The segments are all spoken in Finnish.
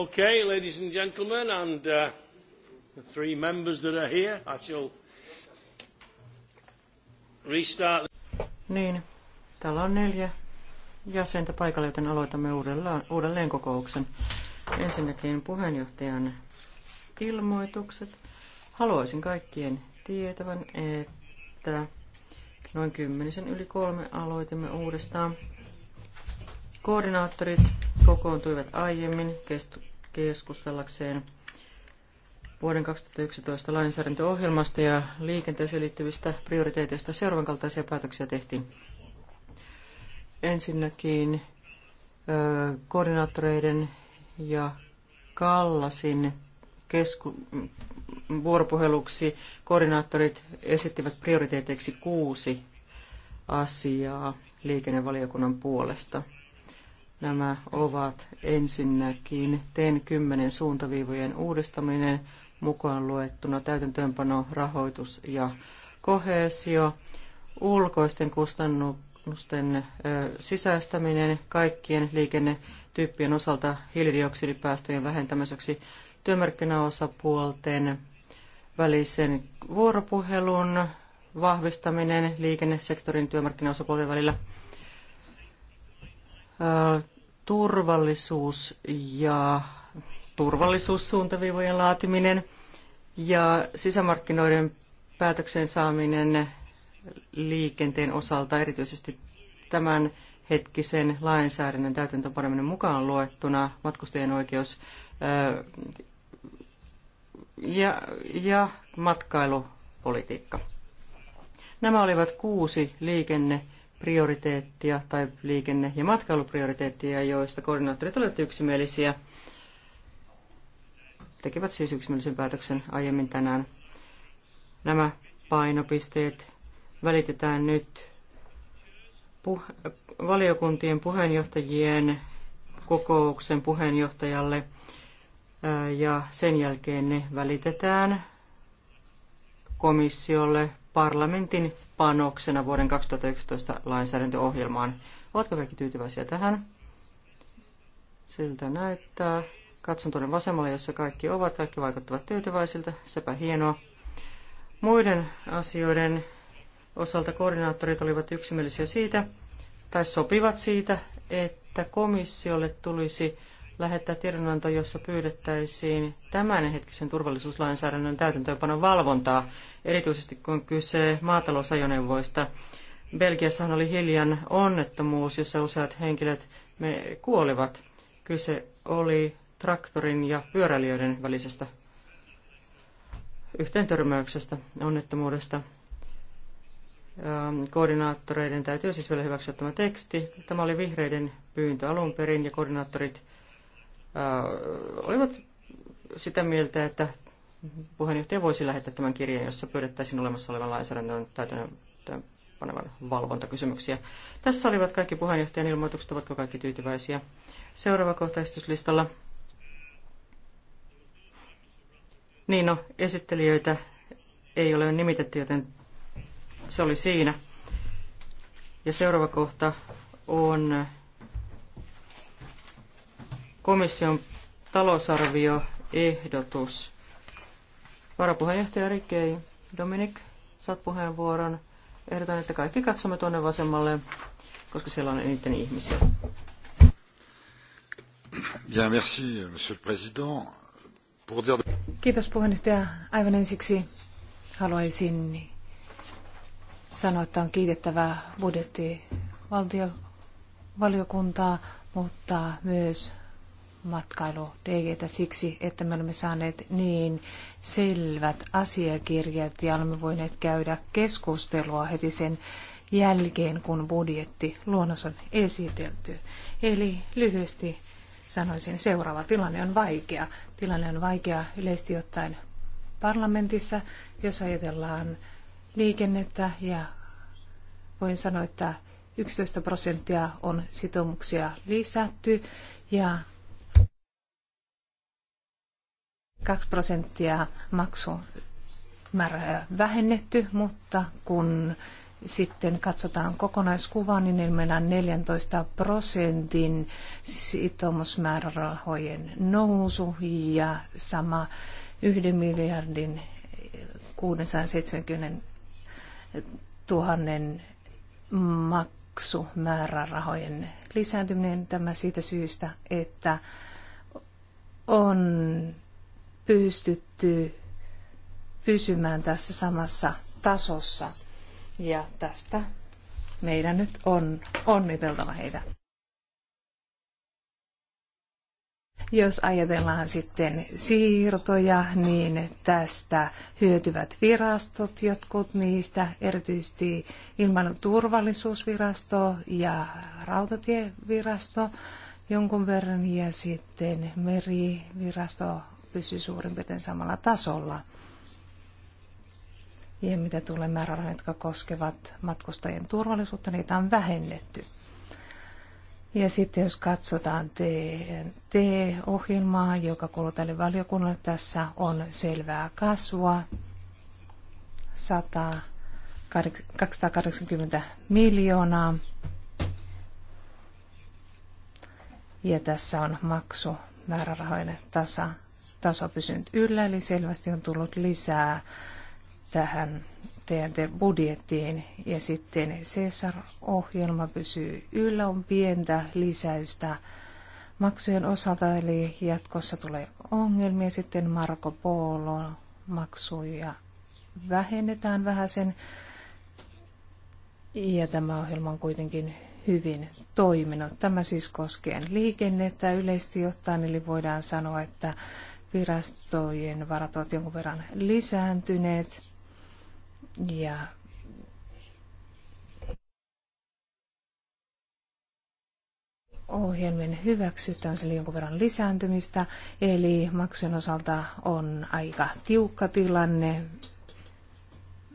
Okay, ladies and gentlemen, and uh, the three members that are here, I shall restart. Niin, täällä on neljä jäsentä paikalla, joten aloitamme uudelleen, uudelleen kokouksen. Ensinnäkin puheenjohtajan ilmoitukset. Haluaisin kaikkien tietävän, että noin kymmenisen yli kolme aloitimme uudestaan. Koordinaattorit kokoontuivat aiemmin keskustellakseen vuoden 2011 lainsäädäntöohjelmasta ja liikenteeseen liittyvistä prioriteeteista seuraavan kaltaisia päätöksiä tehtiin. Ensinnäkin koordinaattoreiden ja Kallasin kesku- vuoropuheluksi koordinaattorit esittivät prioriteeteiksi kuusi asiaa liikennevaliokunnan puolesta – Nämä ovat ensinnäkin TEN 10 suuntaviivojen uudistaminen mukaan luettuna täytäntöönpano, rahoitus ja kohesio, ulkoisten kustannusten sisäistäminen kaikkien liikennetyyppien osalta hiilidioksidipäästöjen vähentämiseksi, työmarkkinaosapuolten välisen vuoropuhelun vahvistaminen liikennesektorin työmarkkinaosapuolten välillä – turvallisuus ja turvallisuussuuntaviivojen laatiminen ja sisämarkkinoiden päätöksen saaminen liikenteen osalta, erityisesti tämän hetkisen lainsäädännön täytäntöönpaneminen mukaan luettuna, matkustajien oikeus ja, ja matkailupolitiikka. Nämä olivat kuusi liikenne- prioriteettia tai liikenne- ja matkailuprioriteettia, joista koordinaattorit olivat yksimielisiä. Tekivät siis yksimielisen päätöksen aiemmin tänään. Nämä painopisteet välitetään nyt puh- valiokuntien puheenjohtajien kokouksen puheenjohtajalle ja sen jälkeen ne välitetään komissiolle, parlamentin panoksena vuoden 2011 lainsäädäntöohjelmaan. Ovatko kaikki tyytyväisiä tähän? Siltä näyttää. Katson tuonne vasemmalle, jossa kaikki ovat. Kaikki vaikuttavat tyytyväisiltä. Sepä hienoa. Muiden asioiden osalta koordinaattorit olivat yksimielisiä siitä, tai sopivat siitä, että komissiolle tulisi lähettää tiedonanto, jossa pyydettäisiin tämänhetkisen turvallisuuslainsäädännön täytäntöönpanon valvontaa, erityisesti kun kyse maatalousajoneuvoista. Belgiassahan oli hiljan onnettomuus, jossa useat henkilöt me kuolivat. Kyse oli traktorin ja pyöräilijöiden välisestä yhteentörmäyksestä, onnettomuudesta. Ähm, koordinaattoreiden täytyy siis vielä hyväksyä tämä teksti. Tämä oli vihreiden pyyntö alun perin ja koordinaattorit Äh, olivat sitä mieltä, että puheenjohtaja voisi lähettää tämän kirjan, jossa pyydettäisiin olemassa olevan lainsäädännön täytäntöön panevan valvontakysymyksiä. Tässä olivat kaikki puheenjohtajan ilmoitukset, ovatko kaikki tyytyväisiä. Seuraava esityslistalla. Niin no, esittelijöitä ei ole nimitetty, joten se oli siinä. Ja seuraava kohta on komission talousarvioehdotus. Varapuheenjohtaja Rikei, Dominik, saat puheenvuoron. Ehdotan, että kaikki katsomme tuonne vasemmalle, koska siellä on eniten ihmisiä. Bien, merci, monsieur le président. Pour dire... Kiitos puheenjohtaja. Aivan ensiksi haluaisin sanoa, että on kiitettävää budjettivaltiovaliokuntaa, mutta myös matkailu DGtä siksi, että me olemme saaneet niin selvät asiakirjat ja olemme voineet käydä keskustelua heti sen jälkeen, kun budjetti luonnos on esitelty. Eli lyhyesti sanoisin seuraava. Tilanne on vaikea. Tilanne on vaikea yleisesti ottaen parlamentissa, jos ajatellaan liikennettä ja voin sanoa, että 11 prosenttia on sitoumuksia lisätty ja 2 prosenttia maksumäärää vähennetty, mutta kun sitten katsotaan kokonaiskuvaa, niin meillä on 14 prosentin sitoumusmäärärahojen nousu ja sama 1 miljardin 670 000 maksumäärärahojen lisääntyminen. Tämä siitä syystä, että on pystytty pysymään tässä samassa tasossa. Ja tästä meidän nyt on onniteltava heitä. Jos ajatellaan sitten siirtoja, niin tästä hyötyvät virastot, jotkut niistä, erityisesti ilmailun turvallisuusvirasto ja rautatievirasto jonkun verran ja sitten merivirasto pysyy suurin piirtein samalla tasolla. Ja mitä tulee määrärahoihin, jotka koskevat matkustajien turvallisuutta, niitä on vähennetty. Ja sitten jos katsotaan TNT-ohjelmaa, joka kuuluu tälle valiokunnalle, tässä on selvää kasvua. 100, 280 miljoonaa. Ja tässä on maksu määrärahoinen tasa taso pysynyt yllä, eli selvästi on tullut lisää tähän TNT-budjettiin. Ja sitten CSR-ohjelma pysyy yllä, on pientä lisäystä maksujen osalta, eli jatkossa tulee ongelmia. Sitten Marko Polo maksuja vähennetään vähän sen. Ja tämä ohjelma on kuitenkin hyvin toiminut. Tämä siis koskien liikennettä yleisesti ottaen, eli voidaan sanoa, että virastojen varat ovat jonkun verran lisääntyneet ja ohjelmien hyväksyttä on jonkun verran lisääntymistä, eli maksun osalta on aika tiukka tilanne,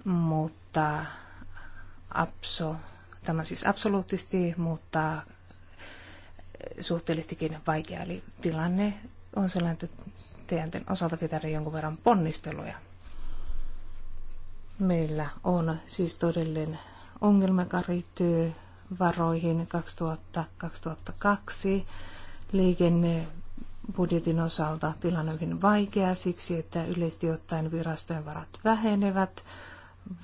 mutta abso, tämä siis absoluuttisesti, mutta suhteellistikin vaikea, eli tilanne on sellainen, että teidän osalta pitää jonkun verran ponnisteluja. Meillä on siis todellinen ongelma, joka riittyy varoihin 2000-2002 liikennebudjetin osalta tilanne on hyvin vaikea siksi, että yleisesti ottaen virastojen varat vähenevät,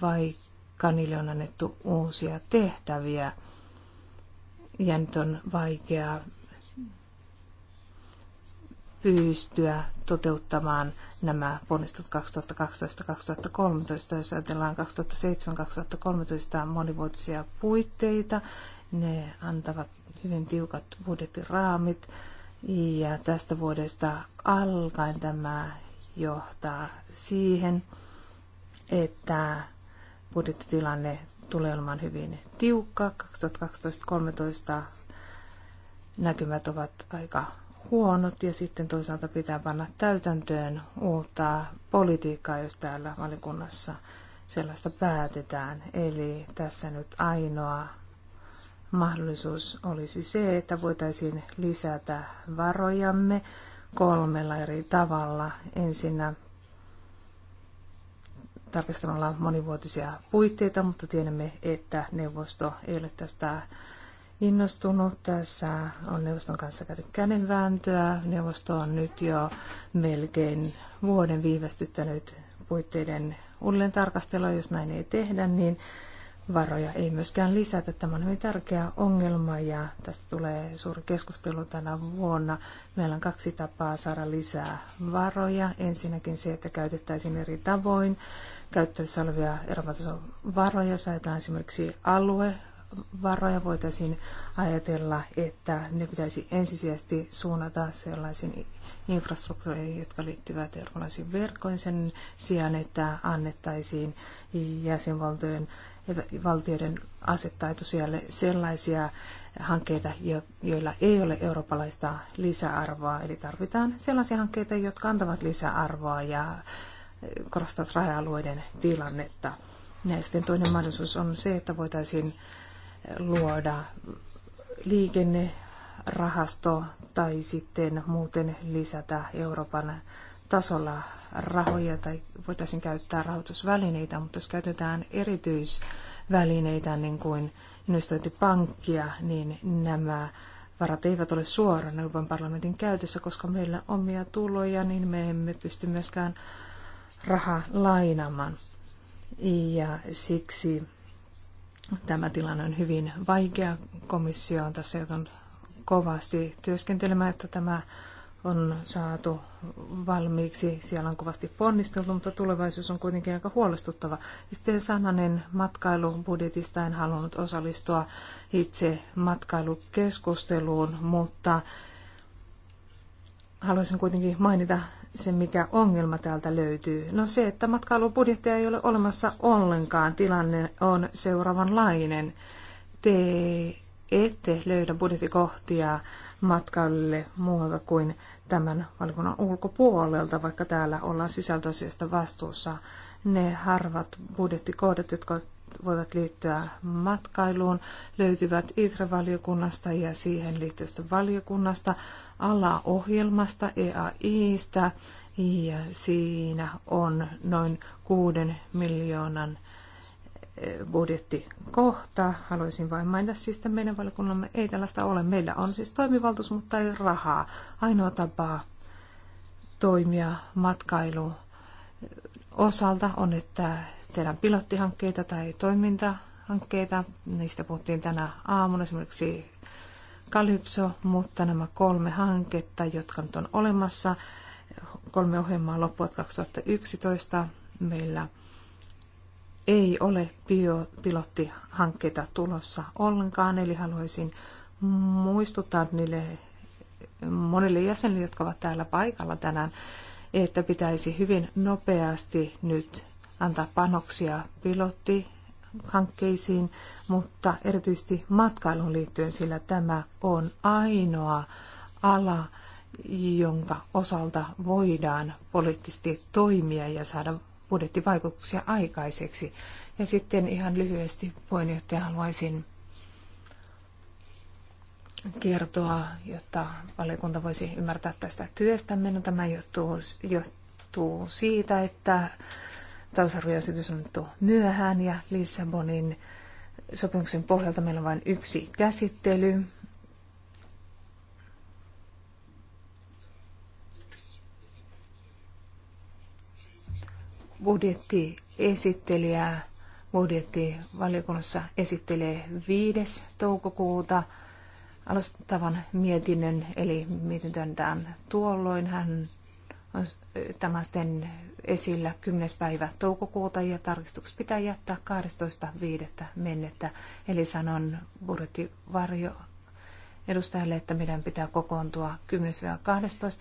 vaikka niille on annettu uusia tehtäviä. Ja nyt on vaikea pystyä toteuttamaan nämä ponnistut 2012-2013, jos ajatellaan 2007-2013 monivuotisia puitteita. Ne antavat hyvin tiukat budjettiraamit ja tästä vuodesta alkaen tämä johtaa siihen, että budjettitilanne tulee olemaan hyvin tiukka. 2012-2013 näkymät ovat aika huonot ja sitten toisaalta pitää panna täytäntöön uutta politiikkaa, jos täällä valikunnassa sellaista päätetään. Eli tässä nyt ainoa mahdollisuus olisi se, että voitaisiin lisätä varojamme kolmella eri tavalla. Ensinnä tarkastamalla monivuotisia puitteita, mutta tiedämme, että neuvosto ei ole tästä innostunut. Tässä on neuvoston kanssa käyty kädenvääntöä. Neuvosto on nyt jo melkein vuoden viivästyttänyt puitteiden uudelleen tarkastelua. Jos näin ei tehdä, niin varoja ei myöskään lisätä. Tämä on hyvin tärkeä ongelma ja tästä tulee suuri keskustelu tänä vuonna. Meillä on kaksi tapaa saada lisää varoja. Ensinnäkin se, että käytettäisiin eri tavoin käyttäessä olevia Euroopan varoja, jos ajatellaan esimerkiksi alue, varoja voitaisiin ajatella, että ne pitäisi ensisijaisesti suunnata sellaisiin infrastruktuuriin, jotka liittyvät erilaisiin verkkoihin sen sijaan, että annettaisiin jäsenvaltojen valtioiden asettaa siellä sellaisia hankkeita, joilla ei ole eurooppalaista lisäarvoa. Eli tarvitaan sellaisia hankkeita, jotka antavat lisäarvoa ja eh, korostavat raja-alueiden tilannetta. Ja sitten toinen mahdollisuus on se, että voitaisiin luoda liikennerahasto tai sitten muuten lisätä Euroopan tasolla rahoja tai voitaisiin käyttää rahoitusvälineitä, mutta jos käytetään erityisvälineitä niin kuin investointipankkia, niin nämä varat eivät ole suoraan Euroopan parlamentin käytössä, koska meillä on omia tuloja, niin me emme pysty myöskään rahaa lainamaan. Ja siksi Tämä tilanne on hyvin vaikea. Komissio on tässä joutunut kovasti työskentelemään, että tämä on saatu valmiiksi. Siellä on kovasti ponnisteltu, mutta tulevaisuus on kuitenkin aika huolestuttava. Sitten Sananen matkailubudjetista en halunnut osallistua itse matkailukeskusteluun, mutta haluaisin kuitenkin mainita se, mikä ongelma täältä löytyy. No se, että matkailubudjettia ei ole olemassa ollenkaan. Tilanne on seuraavanlainen. Te ette löydä budjettikohtia matkailulle muualta kuin tämän valikunnan ulkopuolelta, vaikka täällä ollaan sisältöasioista vastuussa. Ne harvat budjettikohdat, jotka voivat liittyä matkailuun, löytyvät ITRA-valiokunnasta ja siihen liittyvästä valiokunnasta, alaohjelmasta, EAIstä, ja siinä on noin kuuden miljoonan e, budjettikohta. Haluaisin vain mainita siis, että meidän valiokunnamme ei tällaista ole. Meillä on siis toimivaltuus, mutta ei rahaa. Ainoa tapa toimia matkailu osalta on, että tehdään pilottihankkeita tai toimintahankkeita. Niistä puhuttiin tänä aamuna esimerkiksi Kalypso, mutta nämä kolme hanketta, jotka nyt on olemassa, kolme ohjelmaa loppuvat 2011, meillä ei ole biopilottihankkeita tulossa ollenkaan, eli haluaisin muistuttaa niille monille jäsenille, jotka ovat täällä paikalla tänään, että pitäisi hyvin nopeasti nyt antaa panoksia pilottihankkeisiin, mutta erityisesti matkailuun liittyen, sillä tämä on ainoa ala, jonka osalta voidaan poliittisesti toimia ja saada budjettivaikutuksia aikaiseksi. Ja sitten ihan lyhyesti puheenjohtaja haluaisin kertoa, jotta valiokunta voisi ymmärtää tästä työstä No, tämä johtuu, johtuu siitä, että talousarvioesitys on nyt myöhään ja Lissabonin sopimuksen pohjalta meillä on vain yksi käsittely. Budjettiesittelijä budjettivaliokunnassa esittelee 5. toukokuuta alustavan mietinnön, eli tämän tuolloin. Hän on tämä sitten esillä 10. päivä toukokuuta ja tarkistukset pitää jättää 12.5. mennettä. Eli sanon budjettivarjo edustajalle, että meidän pitää kokoontua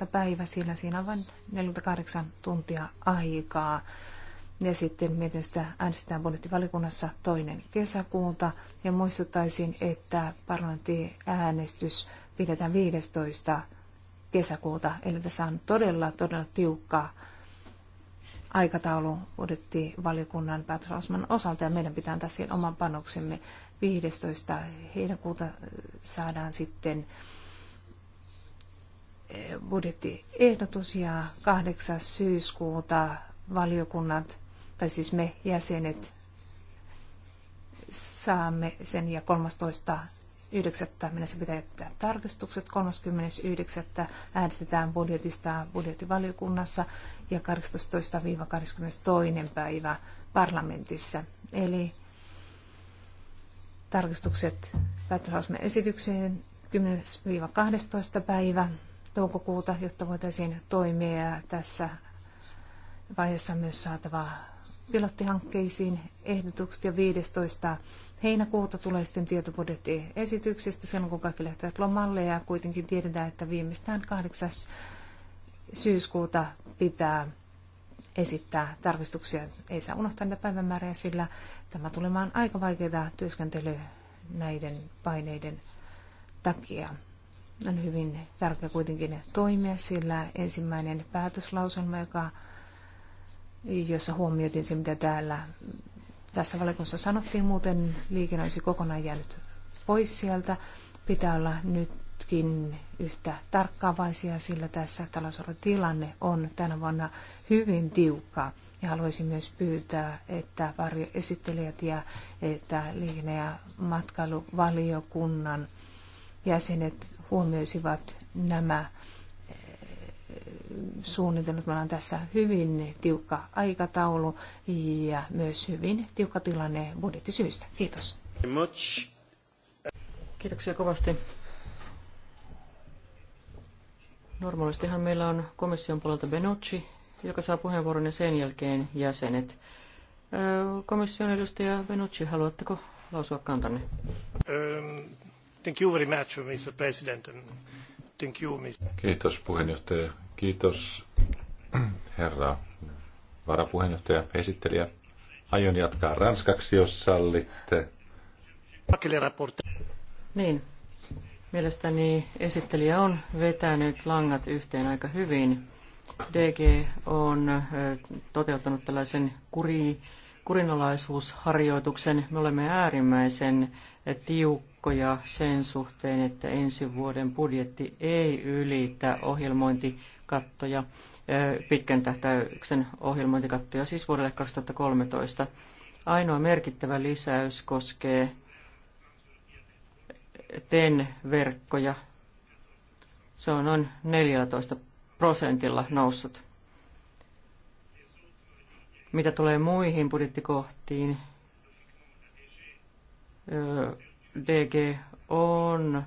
10-12 päivä, sillä siinä on vain 48 tuntia aikaa ja sitten mietinnöstä äänestetään budjettivaliokunnassa toinen kesäkuuta. Ja muistuttaisin, että parlamenttiäänestys pidetään 15. kesäkuuta, eli tässä on todella, todella tiukka aikataulu budjettivaliokunnan päätöslausman osalta, ja meidän pitää antaa siihen oman panoksemme. 15. heinäkuuta saadaan sitten eh, budjettiehdotus ja 8. syyskuuta valiokunnat tai siis me jäsenet saamme sen ja 13.9. mennessä pitää jättää tarkistukset. 30.9. äänestetään budjetista budjettivaliokunnassa ja 18-22. päivä parlamentissa. Eli tarkistukset päätöslausme esitykseen 10-12. päivä toukokuuta, jotta voitaisiin toimia ja tässä vaiheessa myös saatava pilottihankkeisiin ehdotukset ja 15. heinäkuuta tulee sitten tietobudjettiesityksestä silloin, kun kaikki lähtevät lomalle ja kuitenkin tiedetään, että viimeistään 8. syyskuuta pitää esittää tarkistuksia. Ei saa unohtaa niitä päivämääriä, sillä tämä tulemaan aika vaikeaa työskentely näiden paineiden takia. On hyvin tärkeää kuitenkin toimia, sillä ensimmäinen päätöslauselma, joka jossa huomioitiin se, mitä täällä tässä valikossa sanottiin, muuten liikenne olisi kokonaan jäänyt pois sieltä. Pitää olla nytkin yhtä tarkkaavaisia, sillä tässä tilanne on tänä vuonna hyvin tiukka. Ja haluaisin myös pyytää, että varjoesittelijät ja että liikenne- ja matkailuvaliokunnan jäsenet huomioisivat nämä suunnitellut. Meillä on tässä hyvin tiukka aikataulu ja myös hyvin tiukka tilanne budjettisyistä. Kiitos. Kiitoksia kovasti. Normaalistihan meillä on komission puolelta Benucci, joka saa puheenvuoron ja sen jälkeen jäsenet. Komission edustaja Benucci, haluatteko lausua kantanne? Um, thank you very much, Mr. President. Thank you, Mr. Kiitos puheenjohtaja. Kiitos herra varapuheenjohtaja, esittelijä. Aion jatkaa ranskaksi, jos sallitte. Niin, mielestäni esittelijä on vetänyt langat yhteen aika hyvin. DG on toteuttanut tällaisen kuri, kurinalaisuusharjoituksen. Me olemme äärimmäisen tiukka tiukkoja sen suhteen, että ensi vuoden budjetti ei ylitä ohjelmointikattoja, pitkän tähtäyksen ohjelmointikattoja siis vuodelle 2013. Ainoa merkittävä lisäys koskee TEN-verkkoja. Se on noin 14 prosentilla noussut. Mitä tulee muihin budjettikohtiin, DG on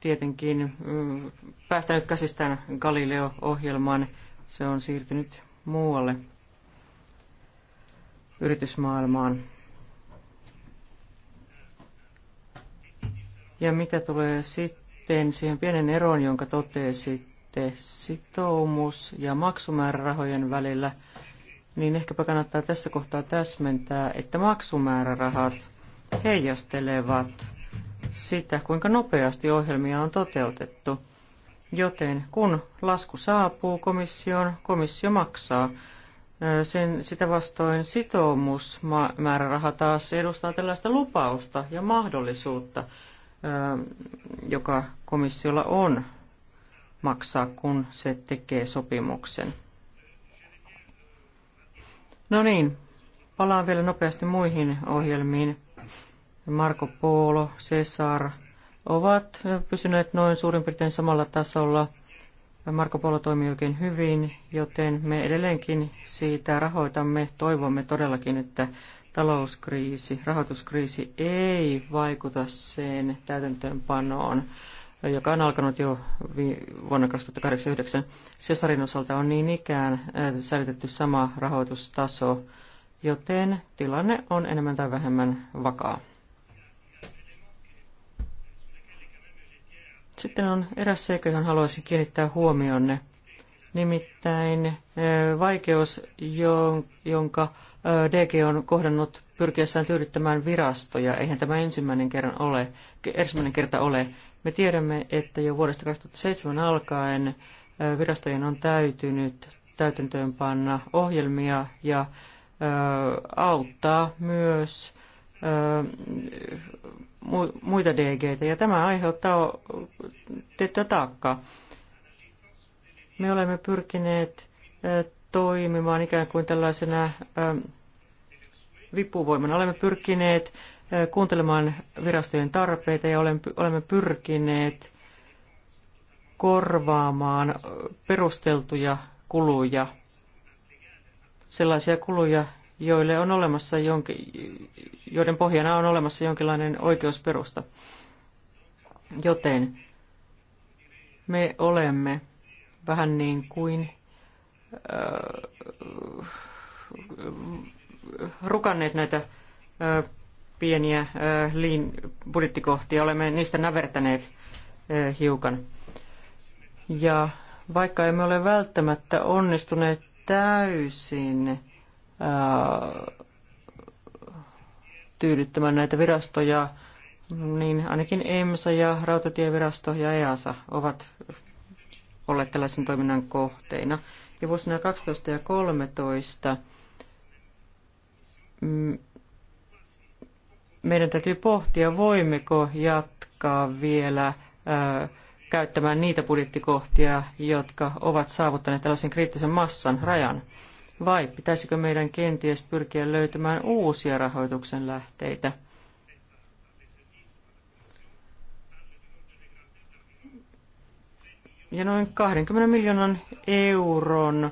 tietenkin mm, päästänyt käsistään Galileo-ohjelman. Se on siirtynyt muualle yritysmaailmaan. Ja mitä tulee sitten siihen pienen eroon, jonka totesitte sitoumus- ja maksumäärärahojen välillä, niin ehkäpä kannattaa tässä kohtaa täsmentää, että maksumäärärahat – heijastelevat sitä, kuinka nopeasti ohjelmia on toteutettu. Joten kun lasku saapuu komissioon, komissio maksaa. Sen, sitä vastoin sitoumusmääräraha taas edustaa tällaista lupausta ja mahdollisuutta, joka komissiolla on maksaa, kun se tekee sopimuksen. No niin, palaan vielä nopeasti muihin ohjelmiin. Marco Polo, Cesar ovat pysyneet noin suurin piirtein samalla tasolla. Marco Polo toimii oikein hyvin, joten me edelleenkin siitä rahoitamme. Toivomme todellakin, että talouskriisi, rahoituskriisi ei vaikuta sen täytäntöönpanoon, joka on alkanut jo vuonna 2008 Cesarin osalta on niin ikään äh, säilytetty sama rahoitustaso, joten tilanne on enemmän tai vähemmän vakaa. Sitten on eräs seikka, johon haluaisin kiinnittää huomionne. Nimittäin vaikeus, jonka DG on kohdannut pyrkiessään tyydyttämään virastoja. Eihän tämä ensimmäinen, kerran ole, ensimmäinen kerta ole. Me tiedämme, että jo vuodesta 2007 alkaen virastojen on täytynyt täytäntöönpanna ohjelmia ja auttaa myös muita dg ja tämä aiheuttaa tiettyä taakkaa. Me olemme pyrkineet toimimaan ikään kuin tällaisena vipuvoimana. Olemme pyrkineet kuuntelemaan virastojen tarpeita ja olemme pyrkineet korvaamaan perusteltuja kuluja, sellaisia kuluja, joille on olemassa jonki, joiden pohjana on olemassa jonkinlainen oikeusperusta. Joten me olemme vähän niin kuin äh, rukanneet näitä äh, pieniä äh, liin budjettikohtia, olemme niistä nävertäneet äh, hiukan. Ja vaikka emme ole välttämättä onnistuneet täysin, tyydyttämään näitä virastoja, niin ainakin EMSA ja Rautatievirasto ja EASA ovat olleet tällaisen toiminnan kohteina. Ja vuosina 12 ja 13 mm, meidän täytyy pohtia, voimmeko jatkaa vielä ää, käyttämään niitä budjettikohtia, jotka ovat saavuttaneet tällaisen kriittisen massan rajan vai pitäisikö meidän kenties pyrkiä löytämään uusia rahoituksen lähteitä? Ja noin 20 miljoonan euron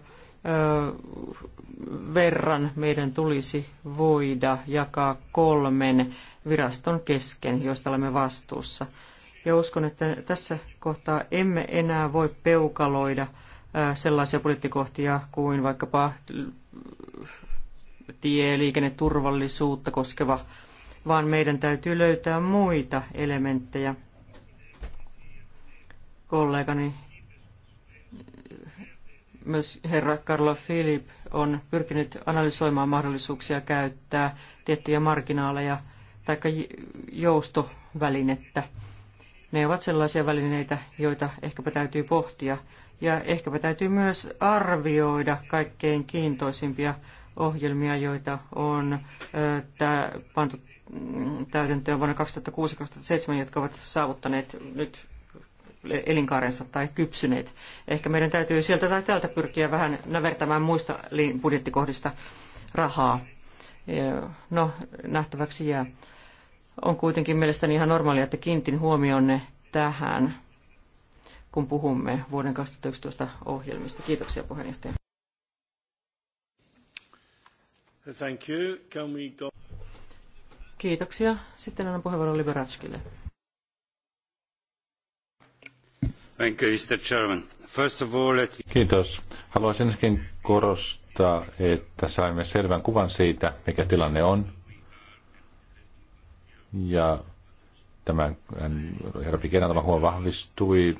verran meidän tulisi voida jakaa kolmen viraston kesken, joista olemme vastuussa. Ja uskon, että tässä kohtaa emme enää voi peukaloida – sellaisia budjettikohtia kuin vaikkapa liikenneturvallisuutta koskeva, vaan meidän täytyy löytää muita elementtejä. Kollegani myös herra Carlo Philip on pyrkinyt analysoimaan mahdollisuuksia käyttää tiettyjä marginaaleja tai joustovälinettä. Ne ovat sellaisia välineitä, joita ehkäpä täytyy pohtia. Ja ehkäpä täytyy myös arvioida kaikkein kiintoisimpia ohjelmia, joita on tää, pantu täytäntöön vuonna 2006-2007, jotka ovat saavuttaneet nyt elinkaarensa tai kypsyneet. Ehkä meidän täytyy sieltä tai täältä pyrkiä vähän nävertämään muista budjettikohdista rahaa. No, nähtäväksi jää. On kuitenkin mielestäni ihan normaalia, että kiintin huomionne tähän kun puhumme vuoden 2011 ohjelmista. Kiitoksia puheenjohtaja. Thank you. Can we go? Kiitoksia. Sitten annan puheenvuoron Liberatskille. Thank you, Mr. Chairman. First of all, let... Kiitos. Haluaisin ensinnäkin korostaa, että saimme selvän kuvan siitä, mikä tilanne on. Ja tämä herra Pikenä tämä huoma vahvistui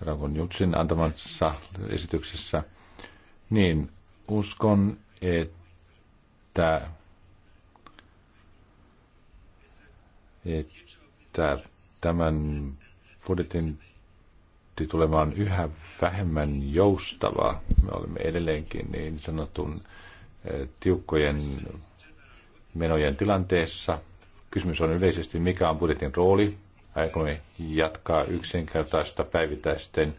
Ravon Jutsin antamassa esityksessä, niin uskon, että, että tämän budjetin tulemaan yhä vähemmän joustavaa. Me olemme edelleenkin niin sanotun eh, tiukkojen menojen tilanteessa. Kysymys on yleisesti, mikä on budjetin rooli aikomme jatkaa yksinkertaista päivittäisten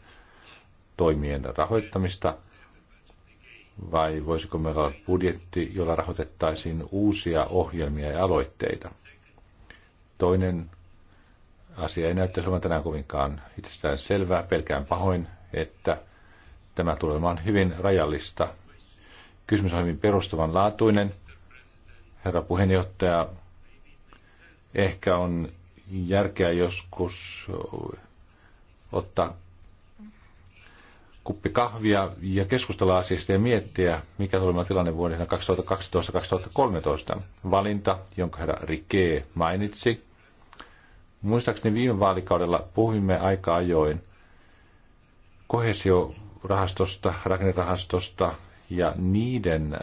toimien rahoittamista, vai voisiko meillä olla budjetti, jolla rahoitettaisiin uusia ohjelmia ja aloitteita? Toinen asia ei näyttäisi olevan tänään kovinkaan itsestään selvää. Pelkään pahoin, että tämä tulee olemaan hyvin rajallista. Kysymys on hyvin perustavanlaatuinen. Herra puheenjohtaja, ehkä on järkeä joskus ottaa kuppi kahvia ja keskustella asiasta ja miettiä, mikä tulee tilanne vuodena 2012-2013. Valinta, jonka herra Rike mainitsi. Muistaakseni viime vaalikaudella puhuimme aika ajoin kohesiorahastosta, rakennerahastosta ja niiden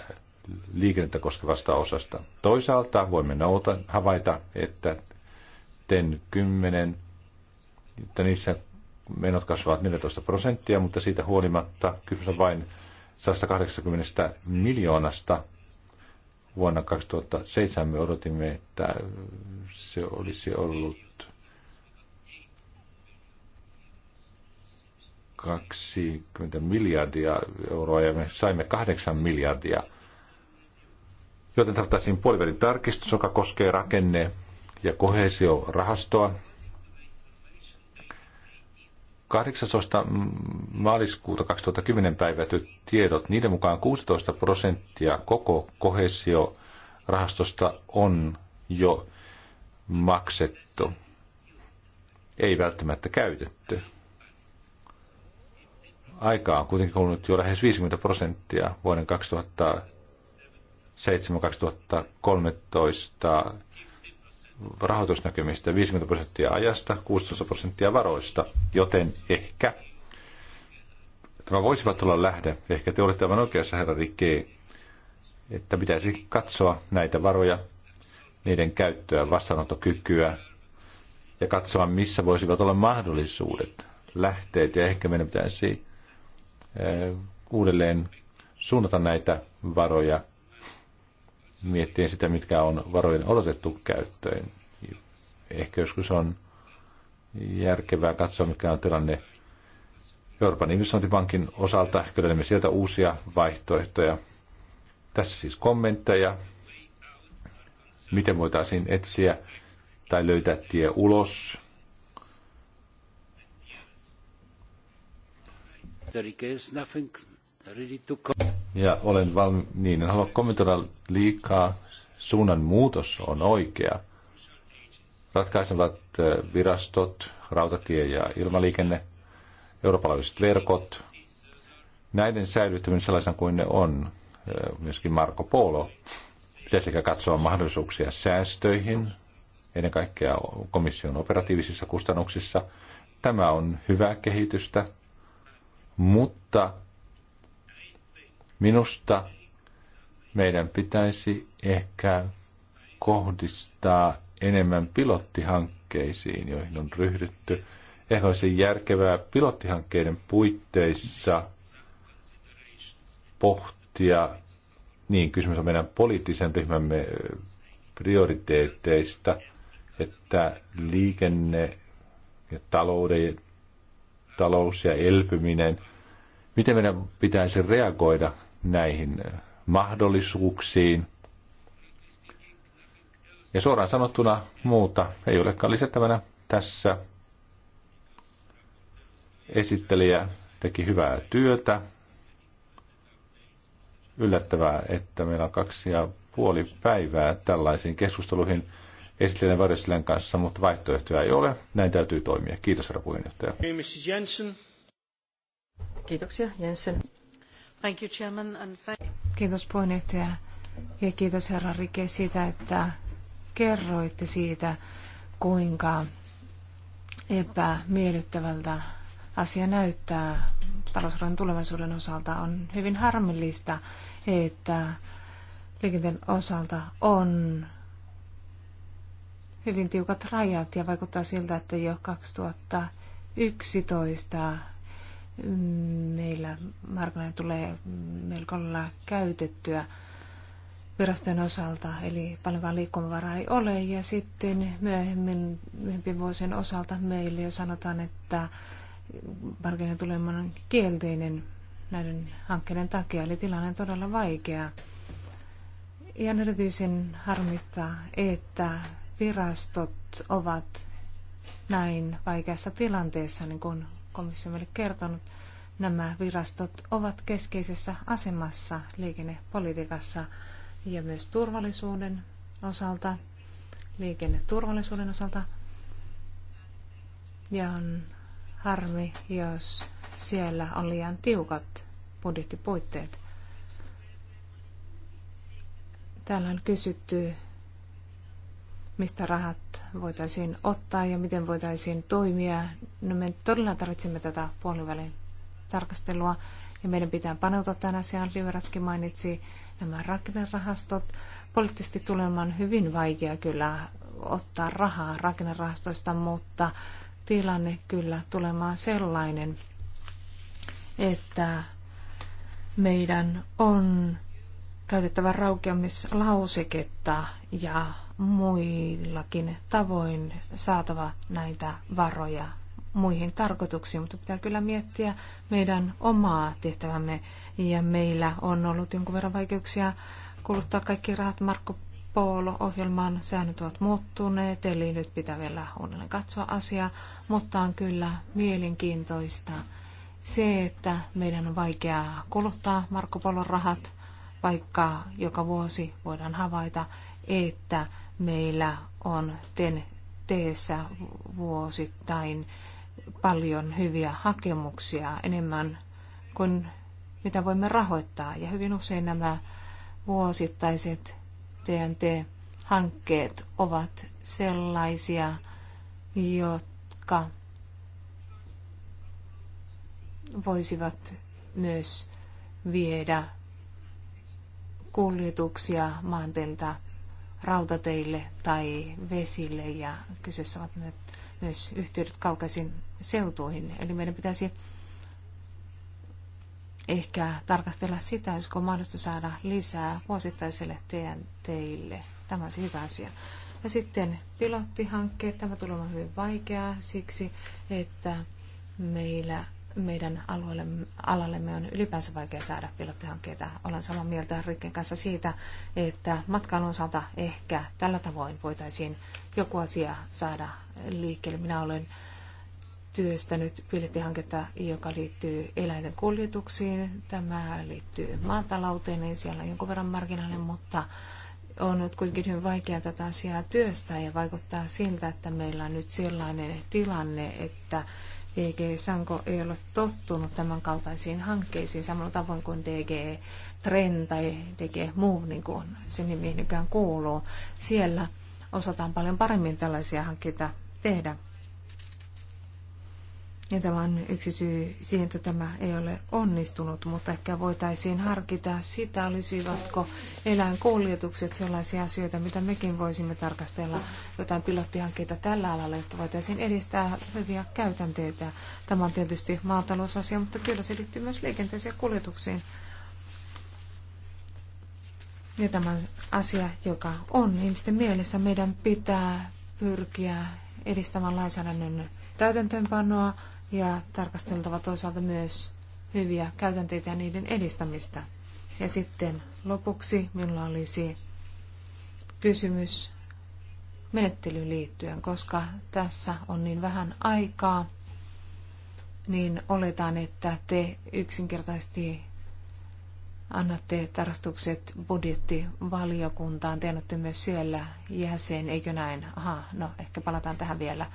liikennettä koskevasta osasta. Toisaalta voimme nouta, havaita, että sitten 10, että niissä menot kasvavat 14 prosenttia, mutta siitä huolimatta kysymys on vain 180 miljoonasta. Vuonna 2007 me odotimme, että se olisi ollut 20 miljardia euroa ja me saimme 8 miljardia. Joten tarvittaisiin puolivälin tarkistus, joka koskee rakenne ja kohesiorahastoa. 18. maaliskuuta 2010 päivätyt tiedot, niiden mukaan 16 prosenttia koko kohesiorahastosta on jo maksettu, ei välttämättä käytetty. Aikaa on kuitenkin kulunut jo lähes 50 prosenttia vuoden 2007-2013 rahoitusnäkymistä 50 prosenttia ajasta, 16 prosenttia varoista, joten ehkä tämä voisivat olla lähde. Ehkä te olette aivan oikeassa, herra Rikkee, että pitäisi katsoa näitä varoja, niiden käyttöä, vastaanottokykyä ja katsoa, missä voisivat olla mahdollisuudet, lähteet ja ehkä meidän pitäisi eh, uudelleen suunnata näitä varoja miettien sitä, mitkä on varojen odotettu käyttöön. Ehkä joskus on järkevää katsoa, mikä on tilanne Euroopan investointipankin osalta. kyllä me sieltä uusia vaihtoehtoja. Tässä siis kommentteja, miten voitaisiin etsiä tai löytää tie ulos. There is nothing ja olen valmi, niin en halua kommentoida liikaa. Suunnan muutos on oikea. Ratkaisevat virastot, rautatie ja ilmaliikenne, eurooppalaiset verkot, näiden säilyttäminen sellaisena kuin ne on, myöskin Marko Polo, pitäisi katsoa mahdollisuuksia säästöihin, ennen kaikkea komission operatiivisissa kustannuksissa. Tämä on hyvää kehitystä, mutta Minusta meidän pitäisi ehkä kohdistaa enemmän pilottihankkeisiin, joihin on ryhdytty. Ehkä olisi järkevää pilottihankkeiden puitteissa pohtia, niin kysymys on meidän poliittisen ryhmämme prioriteetteista, että liikenne ja talouden, talous ja elpyminen, miten meidän pitäisi reagoida näihin äh, mahdollisuuksiin. Ja suoraan sanottuna muuta ei olekaan lisättävänä tässä. Esittelijä teki hyvää työtä. Yllättävää, että meillä on kaksi ja puoli päivää tällaisiin keskusteluihin esittelijän varjosilän kanssa, mutta vaihtoehtoja ei ole. Näin täytyy toimia. Kiitos, herra puheenjohtaja. Kiitoksia, Jensen. Thank you, Chairman, and thank... Kiitos puheenjohtaja ja kiitos herra Rike siitä, että kerroitte siitä, kuinka epämiellyttävältä asia näyttää talousarvion tulevaisuuden osalta. On hyvin harmillista, että liikenteen osalta on hyvin tiukat rajat ja vaikuttaa siltä, että jo 2011 meillä markkinoilla tulee melko lailla käytettyä virastojen osalta, eli paljonkaan liikkumavaraa ei ole. Ja sitten myöhemmin, myöhemmin vuosien osalta meillä jo sanotaan, että markkinoilla tulee monen kielteinen näiden hankkeiden takia, eli tilanne on todella vaikea. Ja erityisen harmittaa, että virastot ovat näin vaikeassa tilanteessa, niin kuin komissiolle kertonut, nämä virastot ovat keskeisessä asemassa liikennepolitiikassa ja myös turvallisuuden osalta, liikenneturvallisuuden osalta. Ja on harmi, jos siellä on liian tiukat budjettipuitteet. Täällä on kysytty, mistä rahat voitaisiin ottaa ja miten voitaisiin toimia. No me todella tarvitsemme tätä puolivälin tarkastelua ja meidän pitää paneutua tähän asiaan. Liveratskin mainitsi nämä rakennerahastot. Poliittisesti tulemaan hyvin vaikea kyllä ottaa rahaa rakennerahastoista, mutta tilanne kyllä tulemaan sellainen, että meidän on käytettävä raukeamislauseketta ja muillakin tavoin saatava näitä varoja muihin tarkoituksiin, mutta pitää kyllä miettiä meidän omaa tehtävämme. Ja meillä on ollut jonkun verran vaikeuksia kuluttaa kaikki rahat Marko Poolo-ohjelmaan. Säännöt ovat muuttuneet, eli nyt pitää vielä uudelleen katsoa asiaa, mutta on kyllä mielenkiintoista se, että meidän on vaikeaa kuluttaa Marko Poolon rahat, vaikka joka vuosi voidaan havaita, että meillä on ten teessä vuosittain paljon hyviä hakemuksia enemmän kuin mitä voimme rahoittaa. Ja hyvin usein nämä vuosittaiset TNT-hankkeet ovat sellaisia, jotka voisivat myös viedä kuljetuksia maanteilta rautateille tai vesille ja kyseessä ovat myös yhteydet kaukaisiin seutuihin. Eli meidän pitäisi ehkä tarkastella sitä, on mahdollista saada lisää vuosittaiselle TNTille. Tämä on hyvä asia. Ja sitten pilottihankkeet. Tämä tulee olemaan hyvin vaikeaa siksi, että meillä meidän alueellemme, alallemme on ylipäänsä vaikea saada pilottihankkeita. Olen samaa mieltä Rikken kanssa siitä, että matkailun osalta ehkä tällä tavoin voitaisiin joku asia saada liikkeelle. Minä olen työstänyt pilottihanketta, joka liittyy eläinten kuljetuksiin. Tämä liittyy maatalouteen, niin siellä on jonkun verran marginaalinen, mutta on nyt kuitenkin hyvin vaikea tätä asiaa työstää ja vaikuttaa siltä, että meillä on nyt sellainen tilanne, että DG e Sanko ei ole tottunut tämän kaltaisiin hankkeisiin samalla tavoin kuin DG Trend tai DG Move, niin kuin se nimi nykyään kuuluu. Siellä osataan paljon paremmin tällaisia hankkeita tehdä. Ja tämä on yksi syy siihen, että tämä ei ole onnistunut, mutta ehkä voitaisiin harkita sitä, olisivatko eläinkuljetukset sellaisia asioita, mitä mekin voisimme tarkastella jotain pilottihankkeita tällä alalla, että voitaisiin edistää hyviä käytänteitä. Tämä on tietysti maatalousasia, mutta kyllä se liittyy myös liikenteeseen kuljetuksiin. Ja tämä asia, joka on ihmisten mielessä. Meidän pitää pyrkiä edistämään lainsäädännön täytäntöönpanoa, ja tarkasteltava toisaalta myös hyviä käytänteitä ja niiden edistämistä. Ja sitten lopuksi minulla olisi kysymys menettelyyn liittyen, koska tässä on niin vähän aikaa, niin oletaan, että te yksinkertaisesti annatte tarkastukset budjettivaliokuntaan, te annatte myös siellä jäsen, eikö näin? Aha, no ehkä palataan tähän vielä.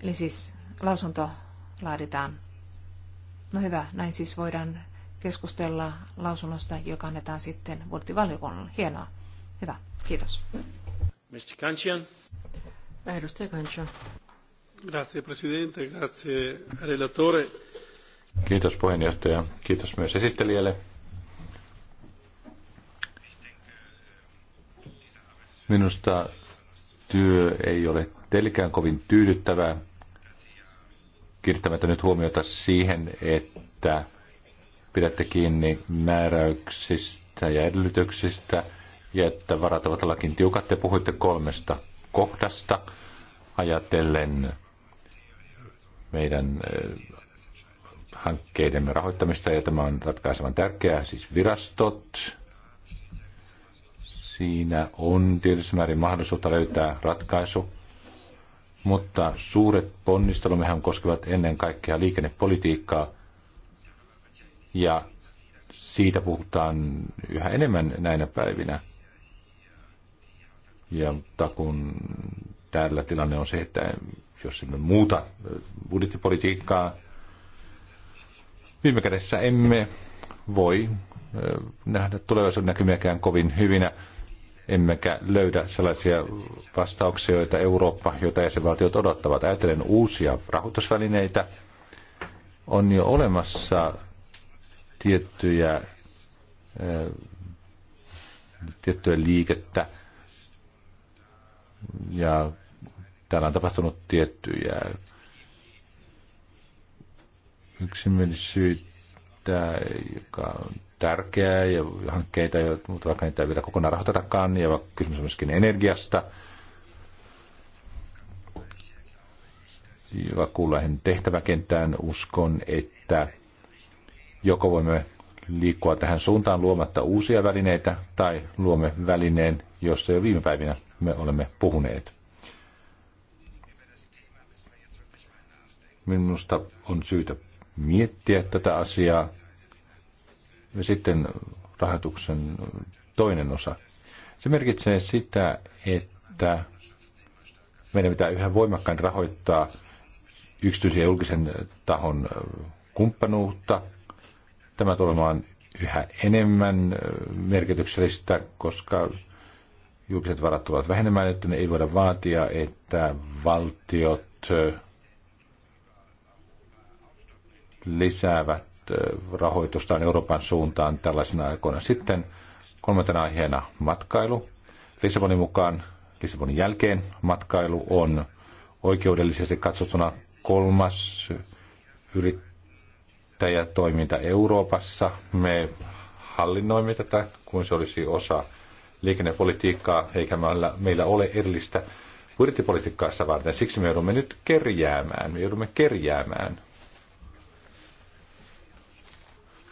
Eli siis lausunto laaditaan. No hyvä, näin siis voidaan keskustella lausunnosta, joka annetaan sitten budjettivaliokunnalle. Hienoa. Hyvä, kiitos. Mr. Kanchian. Edustaja Kanchian. Grazie Presidente, grazie relatore. Kiitos puheenjohtaja, kiitos myös esittelijälle. Minusta työ ei ole teilläkään kovin tyydyttävää kiinnittämättä nyt huomiota siihen, että pidätte kiinni määräyksistä ja edellytyksistä ja että varat ovat lakin tiukat. Te puhuitte kolmesta kohdasta ajatellen meidän eh, hankkeidemme rahoittamista ja tämä on ratkaisevan tärkeää, siis virastot. Siinä on tietysti määrin mahdollisuutta löytää ratkaisu mutta suuret ponnistelumehan koskevat ennen kaikkea liikennepolitiikkaa, ja siitä puhutaan yhä enemmän näinä päivinä. Ja mutta kun täällä tilanne on se, että jos emme muuta budjettipolitiikkaa, viime kädessä emme voi nähdä tulevaisuuden näkymiäkään kovin hyvinä emmekä löydä sellaisia vastauksia, joita Eurooppa, joita jäsenvaltiot odottavat. Ajatellen uusia rahoitusvälineitä, on jo olemassa tiettyjä, eh, tiettyjä liikettä ja täällä on tapahtunut tiettyjä yksimielisyyttä, joka on tärkeää ja hankkeita, mutta vaikka niitä ei vielä kokonaan rahoitetakaan, niin ja vaikka kysymys on myöskin energiasta, joka kuuluu tehtäväkenttään, uskon, että joko voimme liikkua tähän suuntaan luomatta uusia välineitä, tai luomme välineen, josta jo viime päivinä me olemme puhuneet. Minusta on syytä miettiä tätä asiaa ja sitten rahoituksen toinen osa. Se merkitsee sitä, että meidän pitää yhä voimakkaan rahoittaa yksityisen ja julkisen tahon kumppanuutta. Tämä tulee olemaan yhä enemmän merkityksellistä, koska julkiset varat tulevat vähenemään, että ne ei voida vaatia, että valtiot lisäävät rahoitustaan Euroopan suuntaan tällaisena aikoina. Sitten kolmantena aiheena matkailu. Lissabonin mukaan Lissabonin jälkeen matkailu on oikeudellisesti katsottuna kolmas yrittäjätoiminta Euroopassa. Me hallinnoimme tätä kuin se olisi osa liikennepolitiikkaa, eikä meillä, meillä ole erillistä budjettipolitiikkaa varten. Siksi me joudumme nyt kerjäämään. Me joudumme kerjäämään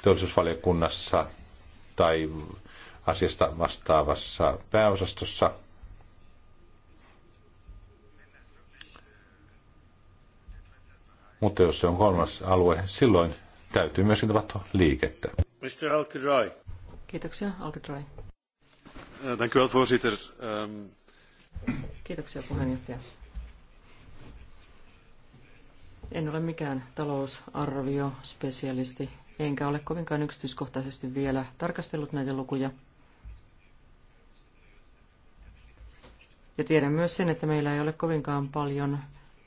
teollisuusvaliokunnassa tai asiasta vastaavassa pääosastossa. Mutta jos se on kolmas alue, silloin täytyy myöskin tapahtua liikettä. Mr. Alcadroy. Kiitoksia, Alcadroy. Thank eh, you, wel, voorzitter. Um... Kiitoksia, puheenjohtaja. En ole mikään talousarvio spesialisti, enkä ole kovinkaan yksityiskohtaisesti vielä tarkastellut näitä lukuja. Ja tiedän myös sen, että meillä ei ole kovinkaan paljon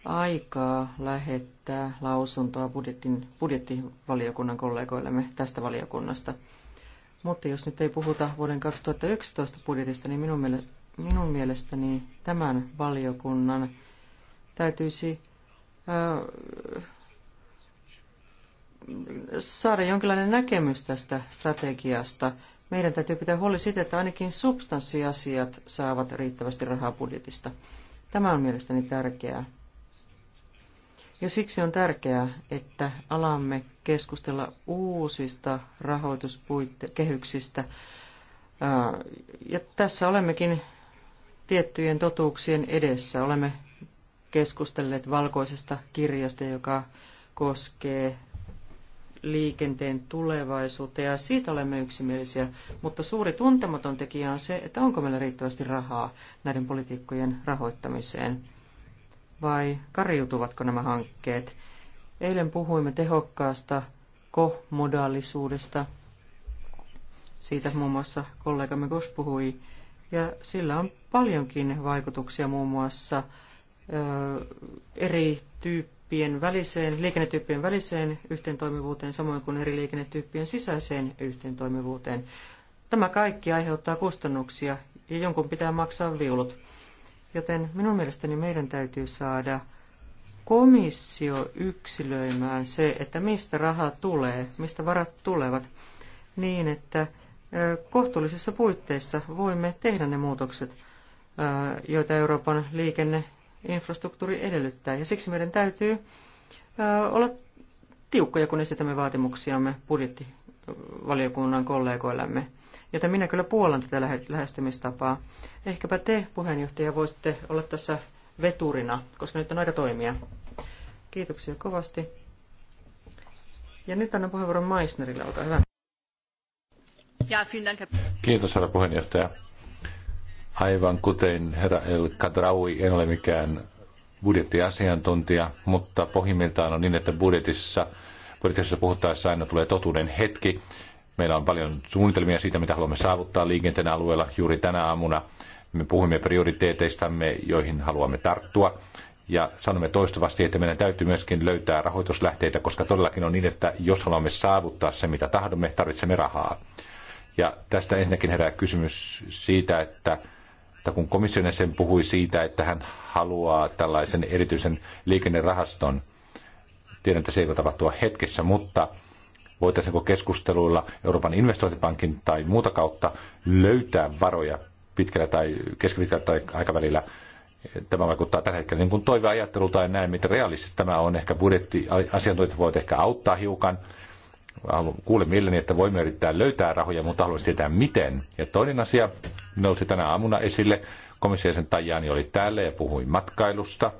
aikaa lähettää lausuntoa budjettin, budjettivaliokunnan kollegoillemme tästä valiokunnasta. Mutta jos nyt ei puhuta vuoden 2011 budjetista, niin minun, miele- minun mielestäni tämän valiokunnan täytyisi äh, saada jonkinlainen näkemys tästä strategiasta. Meidän täytyy pitää huoli siitä, että ainakin substanssiasiat saavat riittävästi rahaa budjetista. Tämä on mielestäni tärkeää. Ja siksi on tärkeää, että alamme keskustella uusista rahoituskehyksistä. Ja tässä olemmekin tiettyjen totuuksien edessä. Olemme keskustelleet valkoisesta kirjasta, joka koskee liikenteen tulevaisuutta ja siitä olemme yksimielisiä, mutta suuri tuntematon tekijä on se, että onko meillä riittävästi rahaa näiden politiikkojen rahoittamiseen vai karjutuvatko nämä hankkeet. Eilen puhuimme tehokkaasta kohmodaalisuudesta, Siitä muun muassa kollegamme Gosh puhui. Ja sillä on paljonkin vaikutuksia muun muassa ö, eri tyyppisiä liikennetyyppien väliseen, liikennetyyppien väliseen yhteentoimivuuteen, samoin kuin eri liikennetyyppien sisäiseen yhteentoimivuuteen. Tämä kaikki aiheuttaa kustannuksia ja jonkun pitää maksaa viulut. Joten minun mielestäni meidän täytyy saada komissio yksilöimään se, että mistä raha tulee, mistä varat tulevat, niin että kohtuullisissa puitteissa voimme tehdä ne muutokset, joita Euroopan liikenne infrastruktuuri edellyttää. Ja siksi meidän täytyy olla tiukkoja, kun esitämme vaatimuksiamme budjettivaliokunnan kollegoillemme. Joten minä kyllä puolan tätä lähestymistapaa. Ehkäpä te, puheenjohtaja, voisitte olla tässä veturina, koska nyt on aika toimia. Kiitoksia kovasti. Ja nyt annan puheenvuoron Meissnerille, olkaa hyvä. Kiitos, herra puheenjohtaja. Aivan kuten herra El Kadraui, en ole mikään budjettiasiantuntija, mutta pohjimmiltaan on niin, että budjetissa, budjetissa puhuttaessa aina tulee totuuden hetki. Meillä on paljon suunnitelmia siitä, mitä haluamme saavuttaa liikenteen alueella juuri tänä aamuna. Me puhumme prioriteeteistamme, joihin haluamme tarttua. Ja sanomme toistuvasti, että meidän täytyy myöskin löytää rahoituslähteitä, koska todellakin on niin, että jos haluamme saavuttaa se, mitä tahdomme, tarvitsemme rahaa. Ja tästä ensinnäkin herää kysymys siitä, että että kun komission sen puhui siitä, että hän haluaa tällaisen erityisen liikennerahaston, tiedän, että se ei voi tapahtua hetkessä, mutta voitaisiinko keskusteluilla Euroopan investointipankin tai muuta kautta löytää varoja pitkällä tai keskipitkällä tai aikavälillä. Tämä vaikuttaa tällä hetkellä niin kuin toiveajattelu tai näin, miten realistista tämä on. Ehkä budjettiasiantuntijat voivat ehkä auttaa hiukan, kuulen mielelläni, että voimme yrittää löytää rahoja, mutta haluaisin tietää miten. Ja toinen asia nousi tänä aamuna esille. Komissiaisen Tajani oli täällä ja puhui matkailusta.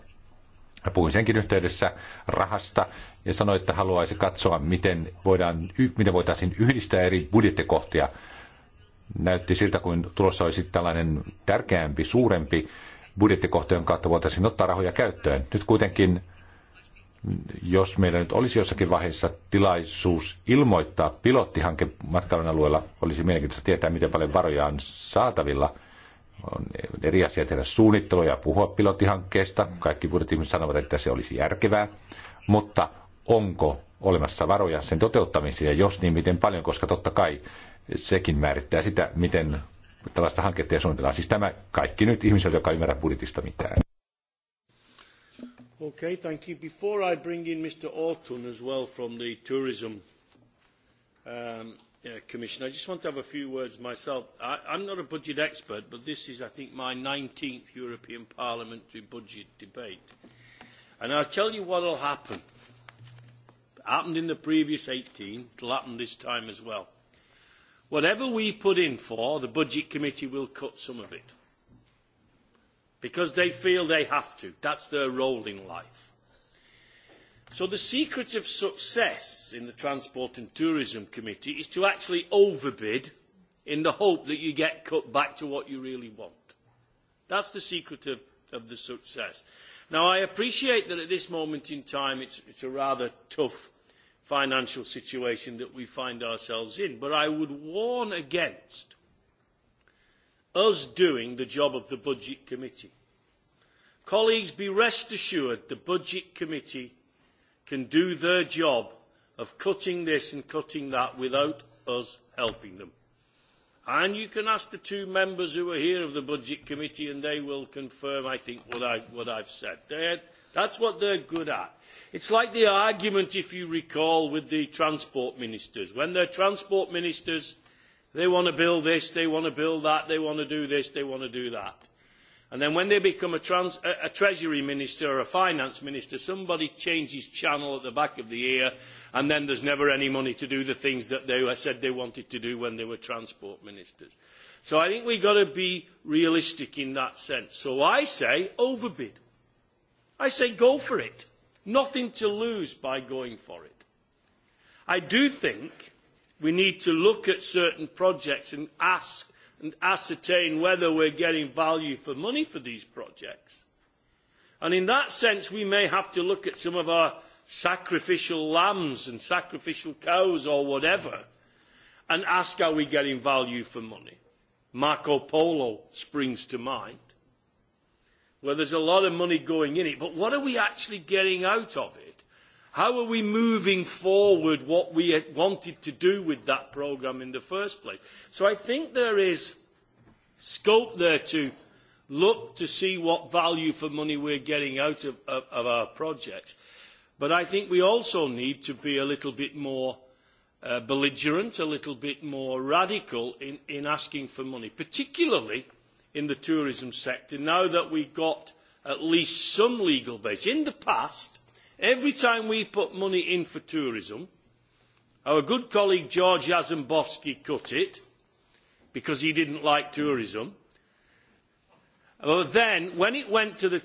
ja puhuin senkin yhteydessä rahasta ja sanoi, että haluaisi katsoa, miten, voidaan, miten voitaisiin yhdistää eri budjettikohtia. Näytti siltä, kuin tulossa olisi tällainen tärkeämpi, suurempi budjettikohta, jonka kautta voitaisiin ottaa rahoja käyttöön. Nyt kuitenkin jos meillä nyt olisi jossakin vaiheessa tilaisuus ilmoittaa pilottihanke matkailun alueella, olisi mielenkiintoista tietää, miten paljon varoja on saatavilla. On eri asia tehdä suunnittelua ja puhua pilottihankkeesta. Kaikki uudet ihmiset sanovat, että se olisi järkevää. Mutta onko olemassa varoja sen toteuttamiseen ja jos niin, miten paljon, koska totta kai sekin määrittää sitä, miten tällaista hanketta ja suunnitellaan. Siis tämä kaikki nyt ihmiseltä, joka ymmärrä budjetista mitään. Okay, thank you. Before I bring in Mr. Orton as well from the Tourism um, yeah, uh, Commission, I just want to have a few words myself. I, I'm not a budget expert, but this is, I think, my 19th European Parliamentary budget debate. And I'll tell you what will happen. It happened in the previous 18, will happen this time as well. Whatever we put in for, the Budget Committee will cut some of it because they feel they have to. That's their role in life. So the secret of success in the Transport and Tourism Committee is to actually overbid in the hope that you get cut back to what you really want. That's the secret of, of the success. Now, I appreciate that at this moment in time it's, it's a rather tough financial situation that we find ourselves in, but I would warn against us doing the job of the Budget Committee. Colleagues, be rest assured the Budget Committee can do their job of cutting this and cutting that without us helping them. And you can ask the two members who are here of the Budget Committee and they will confirm, I think, what, I, what I've said. They're, that's what they're good at. It's like the argument, if you recall, with the transport ministers. When their transport ministers They want to build this, they want to build that, they want to do this, they want to do that. And then when they become a, trans, a, a Treasury Minister or a Finance Minister, somebody changes channel at the back of the ear, and then there's never any money to do the things that they said they wanted to do when they were Transport Ministers. So I think we've got to be realistic in that sense. So I say overbid. I say go for it. Nothing to lose by going for it. I do think we need to look at certain projects and ask and ascertain whether we're getting value for money for these projects. And in that sense, we may have to look at some of our sacrificial lambs and sacrificial cows or whatever and ask, are we getting value for money? Marco Polo springs to mind, where there's a lot of money going in it, but what are we actually getting out of it? How are we moving forward what we wanted to do with that programme in the first place? So I think there is scope there to look to see what value for money we're getting out of, of, of our projects. But I think we also need to be a little bit more uh, belligerent, a little bit more radical in, in asking for money, particularly in the tourism sector, now that we've got at least some legal base. In the past, Every time we put money in for tourism, our good colleague George Yazembowski cut it because he didn't like tourism. But then, when it went to the,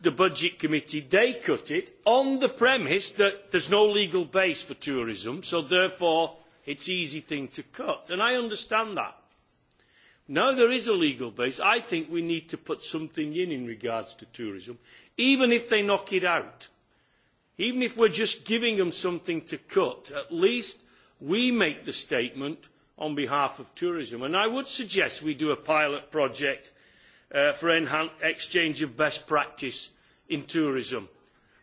the Budget Committee, they cut it on the premise that there's no legal base for tourism, so therefore it's an easy thing to cut. And I understand that. Now there is a legal base, I think we need to put something in in regards to tourism, even if they knock it out. Even if we're just giving them something to cut, at least we make the statement on behalf of tourism. And I would suggest we do a pilot project uh, for enhanced exchange of best practice in tourism.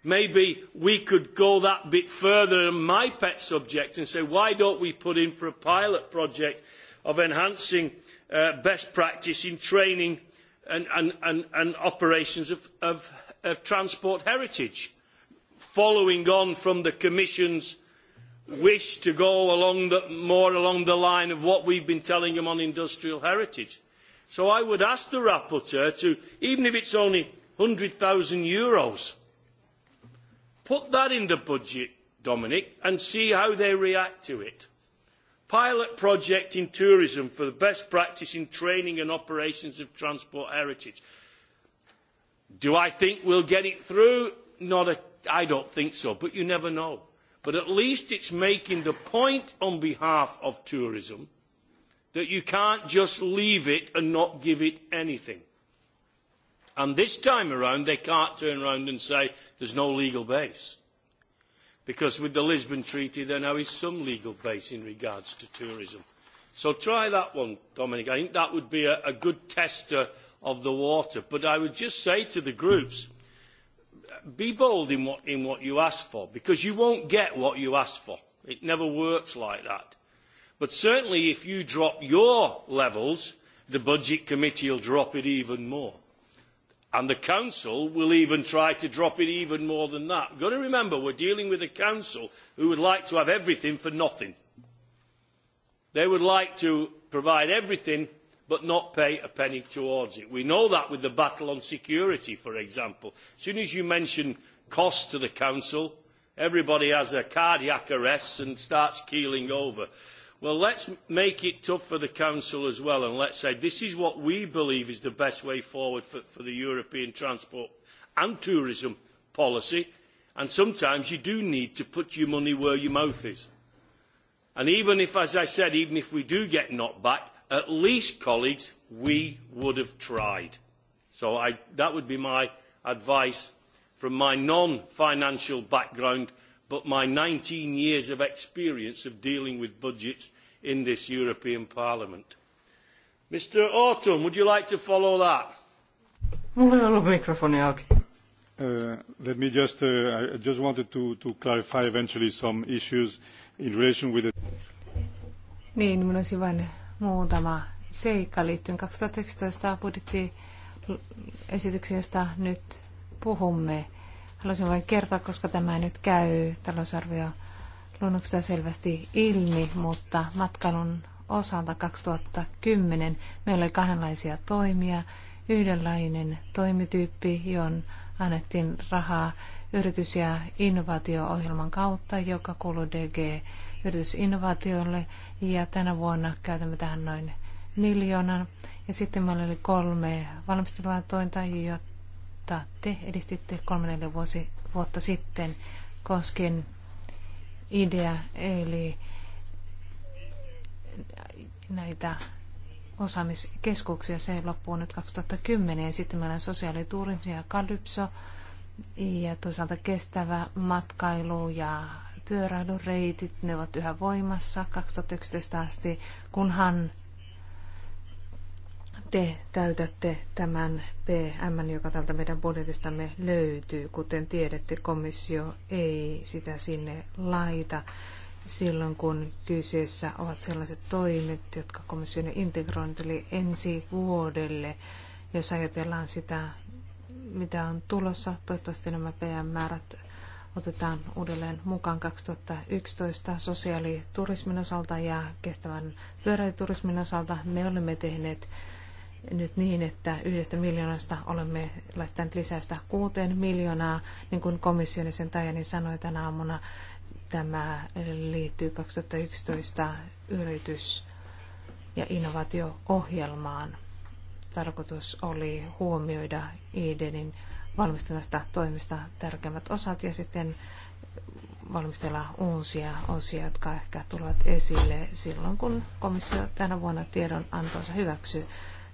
Maybe we could go that bit further in my pet subject and say, why don't we put in for a pilot project of enhancing uh, best practice in training and, and, and, and operations of, of, of transport heritage? following on from the Commission's wish to go along the, more along the line of what we've been telling them on industrial heritage. So I would ask the rapporteur to, even if it's only euros, put that in the budget, Dominic, and see how they react to it. Pilot project in tourism for the best practice in training and operations of transport heritage. Do I think we'll get it through? Not a I don't think so, but you never know. But at least it's making the point on behalf of tourism that you can't just leave it and not give it anything. And this time around, they can't turn around and say there's no legal base. Because with the Lisbon Treaty, there now is some legal base in regards to tourism. So try that one, Dominic. I think that would be a, a good tester of the water. But I would just say to the groups, be bold in what, in what you ask for, because you won't get what you ask for. It never works like that. But certainly if you drop your levels, the Budget Committee will drop it even more. And the Council will even try to drop it even more than that. We've got to remember we're dealing with a Council who would like to have everything for nothing. They would like to provide everything but not pay a penny towards it. We know that with the battle on security, for example. As soon as you mention cost to the council, everybody has a cardiac arrest and starts keeling over. Well, let's make it tough for the council as well, and let's say this is what we believe is the best way forward for, for the European transport and tourism policy. And sometimes you do need to put your money where your mouth is. And even if, as I said, even if we do get knocked back, at least, colleagues, we would have tried. So I, that would be my advice from my non-financial background, but my 19 years of experience of dealing with budgets in this European Parliament. Mr. Autumn, would you like to follow that? Mulla Uh, let me just, uh, I just wanted to, to clarify eventually some issues in relation with the... Niin, minä olisin vain muutama seikka liittyen 2011 budjettiesityksiin, josta nyt puhumme. Haluaisin vain kertoa, koska tämä nyt käy talousarvio luonnoksesta selvästi ilmi, mutta matkailun osalta 2010 meillä oli kahdenlaisia toimia. Yhdenlainen toimityyppi, johon annettiin rahaa yritys- ja innovaatio-ohjelman kautta, joka kuuluu DG yritysinnovaatioille ja tänä vuonna käytämme tähän noin miljoonan. Ja sitten meillä oli kolme valmistelua tointa, jotta te edistitte kolme neljä vuosi, vuotta sitten koskien idea, eli näitä osaamiskeskuksia. Se loppuu nyt 2010 ja sitten meillä on sosiaaliturismi ja kalypso ja toisaalta kestävä matkailu ja pyöräilyreitit, ne ovat yhä voimassa 2011 asti, kunhan te täytätte tämän PM, joka tältä meidän budjetistamme löytyy. Kuten tiedätte, komissio ei sitä sinne laita silloin, kun kyseessä ovat sellaiset toimet, jotka komission integrointi eli ensi vuodelle. Jos ajatellaan sitä, mitä on tulossa, toivottavasti nämä PM-määrät otetaan uudelleen mukaan 2011 sosiaaliturismin osalta ja kestävän pyöräilyturismin osalta. Me olemme tehneet nyt niin, että yhdestä miljoonasta olemme laittaneet lisäystä kuuteen miljoonaa, niin kuin komission sen Tajani sanoi tänä aamuna. Tämä liittyy 2011 yritys- ja innovaatio-ohjelmaan. Tarkoitus oli huomioida IDENin valmistelevasta toimista tärkeimmät osat ja sitten valmistella uusia osia, jotka ehkä tulevat esille silloin, kun komissio tänä vuonna tiedon antonsa hyväksyy.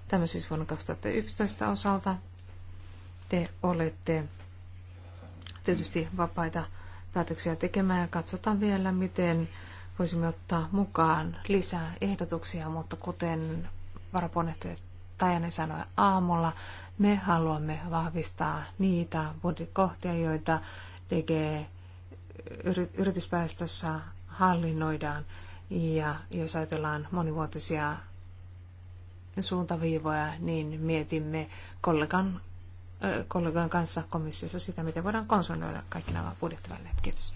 Tämä siis vuonna 2011 osalta. Te olette tietysti vapaita päätöksiä tekemään ja katsotaan vielä, miten voisimme ottaa mukaan lisää ehdotuksia, mutta kuten varapuolehtajat ne sanoi aamulla, me haluamme vahvistaa niitä budjettikohtia, joita DG yrityspäästössä hallinnoidaan. Ja jos ajatellaan monivuotisia suuntaviivoja, niin mietimme kollegan, kollegan kanssa komissiossa sitä, miten voidaan konsolidoida kaikki nämä budjettivälineet. Kiitos.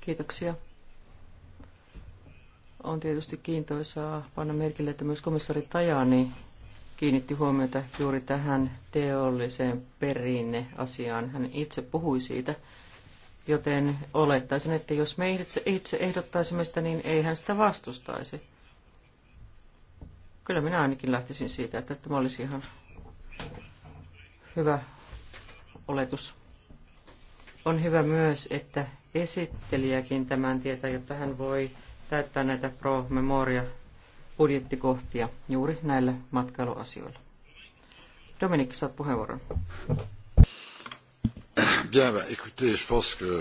Kiitoksia. On tietysti kiintoisaa panna merkille, että myös komissari Tajani kiinnitti huomiota juuri tähän teolliseen perinneasiaan. Hän itse puhui siitä, joten olettaisin, että jos me itse, itse ehdottaisimme sitä, niin ei hän sitä vastustaisi. Kyllä minä ainakin lähtisin siitä, että tämä olisi ihan hyvä oletus. On hyvä myös, että esittelijäkin tämän tietää, jotta hän voi täyttää näitä pro memoria budjettikohtia juuri näillä matkailuasioilla. Dominik, saat puheenvuoron. Bien, bah, écoutez, je pense que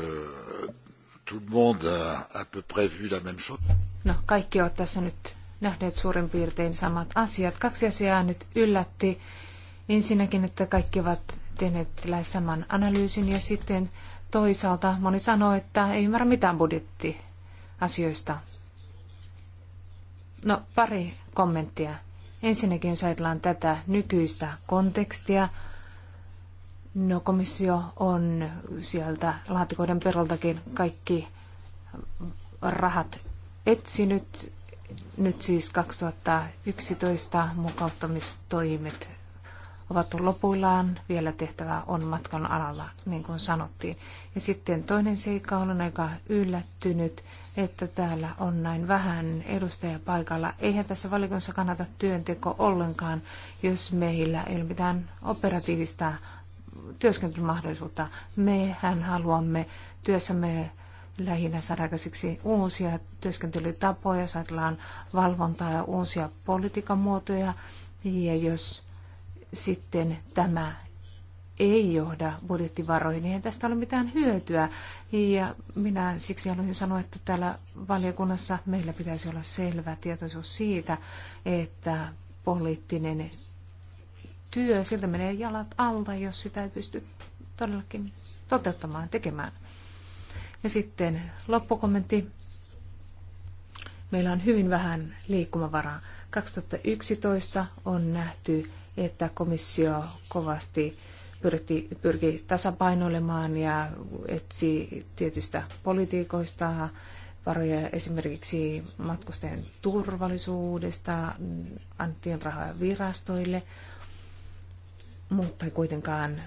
tout le monde a à peu près vu la même chose. No, kaikki ovat tässä nyt nähneet suurin piirtein samat asiat. Kaksi asiaa nyt yllätti. Ensinnäkin, että kaikki ovat tehneet lähes saman analyysin ja sitten toisaalta moni sanoi, että ei ymmärrä mitään budjettiasioista. No pari kommenttia. Ensinnäkin jos ajatellaan tätä nykyistä kontekstia, no komissio on sieltä laatikoiden peroltakin kaikki rahat etsinyt. Nyt siis 2011 mukauttamistoimet ovat lopuillaan. Vielä tehtävää on matkan alalla, niin kuin sanottiin. Ja sitten toinen seikka on aika yllättynyt, että täällä on näin vähän edustajia paikalla. Eihän tässä valikossa kannata työnteko ollenkaan, jos meillä ei ole mitään operatiivista työskentelymahdollisuutta. Mehän haluamme työssämme lähinnä sarakasiksi uusia työskentelytapoja, saatellaan valvontaa ja uusia politiikan muotoja. Ja jos sitten tämä ei johda budjettivaroihin, niin ei tästä ole mitään hyötyä. Ja minä siksi haluaisin sanoa, että täällä valiokunnassa meillä pitäisi olla selvä tietoisuus siitä, että poliittinen työ, siltä menee jalat alta, jos sitä ei pysty todellakin toteuttamaan, tekemään. Ja sitten loppukommentti. Meillä on hyvin vähän liikkumavaraa. 2011 on nähty että komissio kovasti pyrki, pyrki tasapainoilemaan ja etsi tietystä politiikoista varoja esimerkiksi matkustajien turvallisuudesta, annettiin rahaa virastoille, mutta ei kuitenkaan